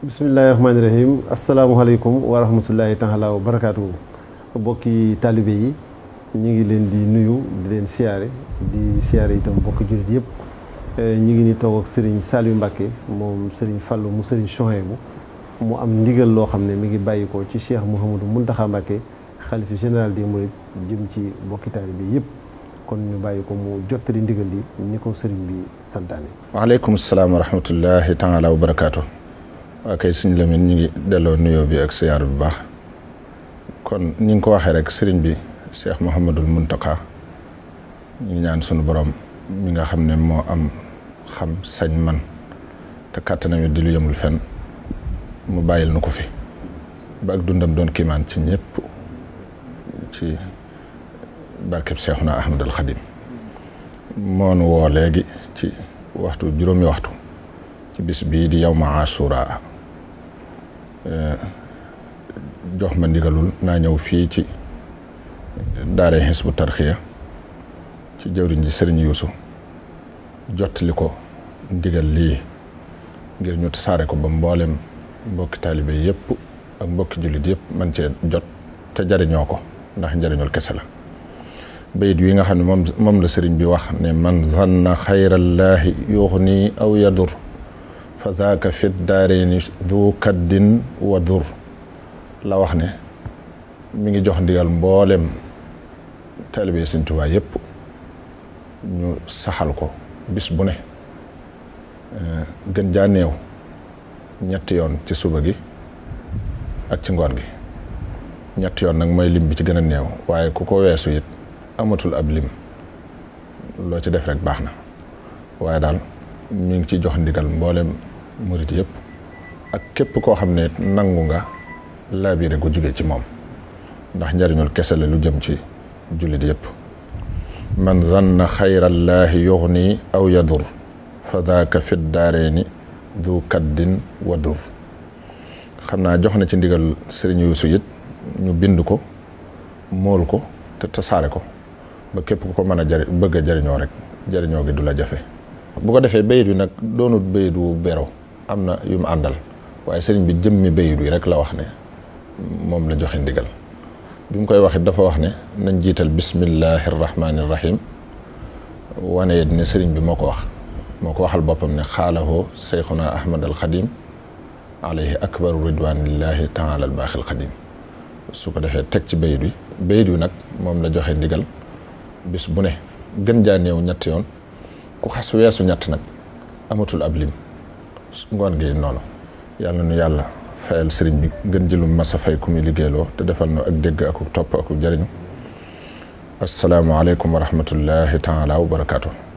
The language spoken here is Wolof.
bisimilahi rahmaani rahim asalaamualeykum wa rahmatullahi taala wa barakaatu bokki taalibe yi ñu ngi leen di nuyu di leen siyaare di siyaare itam bokki jullit yëpp eh, ñu ngi ni toog ak sëriñ Saliou Mbacke moom sëriñ Fallou mu sëriñ Chouhaïbou mu am ndigal loo xam ne mi ngi bàyyi ko ci Cheikh Mouhamadou Mountakha Mbacke xalifi général des mourides jëm ci bokki taalibe yëpp kon ñu bàyyi ko mu jottali ndigal li ni ko sëriñ bi santaane. waaleykum salaam wa rahmatullahi taala wa barakaatu. waa kay sëñ Lamine ñu ngi delloo nuyoo bi ak siyaar bu baax kon ñi ngi ko waxee rek sëriñ bi Cheikh Mouhamadul Mountakha ñu ñaan sunu borom mi nga xam ne moo am xam sañ man te kàttanam it di lu yëmul mu bàyyil nu ko fi ba ak dundam doon kiimaan ci ñëpp ci barkeb Seexuna Ahmadul Xadim moonu woo léegi ci waxtu juróomi waxtu بس بيدي يوم عاشوراء جوه من دي قالوا نانيو في تي داري حسب ترخيه تي جورين جسرين يوسو جات لكو دي قال لي غير نوت ساركو بمبالم بوك تالبي يب بوك جولي ديب من تي جات تجاري نيوكو نحن جاري نيو الكسلا بيد ويغا خن مام مام لا سيرين بي واخ ني من ظن خير الله يغني او يضر fa zaaka fit daarayni du kaddin wa dur la wax ne mu ngi jox ndigal mboolem taalibe Sëñ Tuubaa yépp ñu saxal ko bis bu ne eh, gën jaa néew ñetti yoon ci suba gi ak ci ngoon gi ñetti yoon nag mooy lim bi ci gën a néew waaye ku ko weesu it amatul ab lim loo ci def rek baax na waaye daal mi ngi ci jox ndigal mboolem murit yëpp ak képp koo xam ne nangu nga laabire gu jóge ci moom ndax njariñul kese la lu jëm ci jullit yëpp man zanna xayrallaahi yuxni aw yadur fa daaka fit daareeni du kaddin wa dur xam naa jox na ci ndigal sëriñ Yuusu it ñu bind ko mool ko te tasaare ko ba képp ku ko mën a jari bëgg a jariñoo rek jariñoo gi du la jafe bu ko defee bayit wi nag doonut bayit wu bero am na yu mu àndal waaye sëriñ bi jëmmi bayit bi rek la wax ne moom la joxe ndigal bi mu koy waxit dafa wax ne nañ jiital bismillahi rahmaani rahim wane it ne sëriñ bi moo ko wax moo ko waxal boppam ne xaalahoo seyxuna ahmad al xadim alayhi akbaru ridwanillahi taala al baaxil xadim su ko defee teg ci bayit wi bayit wi nag moom la joxe ndigal bis bu ne gën jaa néew ñett yoon ku xas weesu ñett nag amatul ab lim ngoon gi noonu yàlla nu yàlla fayal sëriñ bi gën jëlum masa fay ku muy liggéeyloo te defal nu ak dégg akub topp akub jëriñ asalaamaaleykum wa rahmatullahi taala wa barakaatu.